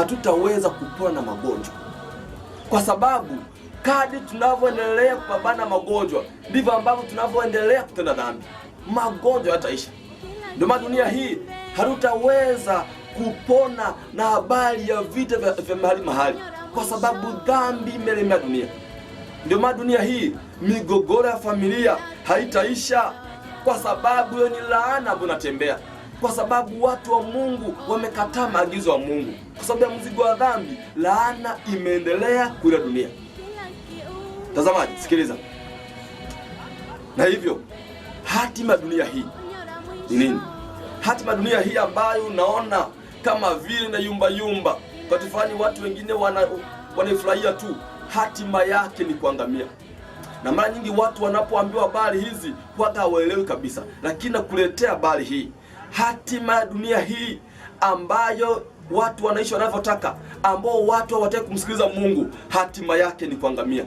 hatutaweza kupona magonjwa, kwa sababu kadi tunavyoendelea kupambana magonjwa ndivyo ambavyo tunavyoendelea kutenda dhambi. Magonjwa yataisha. Ndio maana dunia hii hatutaweza kupona na habari ya vita vya mahali mahali, kwa sababu dhambi imelemea dunia. Ndio maana dunia hii migogoro ya familia haitaisha, kwa sababu hiyo ni laana ambayo inatembea kwa sababu watu wa Mungu wamekataa maagizo ya wa Mungu. Kwa sababu ya mzigo wa dhambi, laana imeendelea kuila dunia. Tazamaji, sikiliza, na hivyo hatima dunia hii ni nini? Hatima dunia hii ambayo unaona kama vile na yumba yumba katifani, watu wengine wanaifurahia tu, hatima yake ni kuangamia na mara nyingi watu wanapoambiwa habari hizi huwaga hawaelewi kabisa, lakini nakuletea habari hii hatima ya dunia hii ambayo watu wanaishi wanavyotaka, ambao watu hawataki kumsikiliza Mungu, hatima yake ni kuangamia.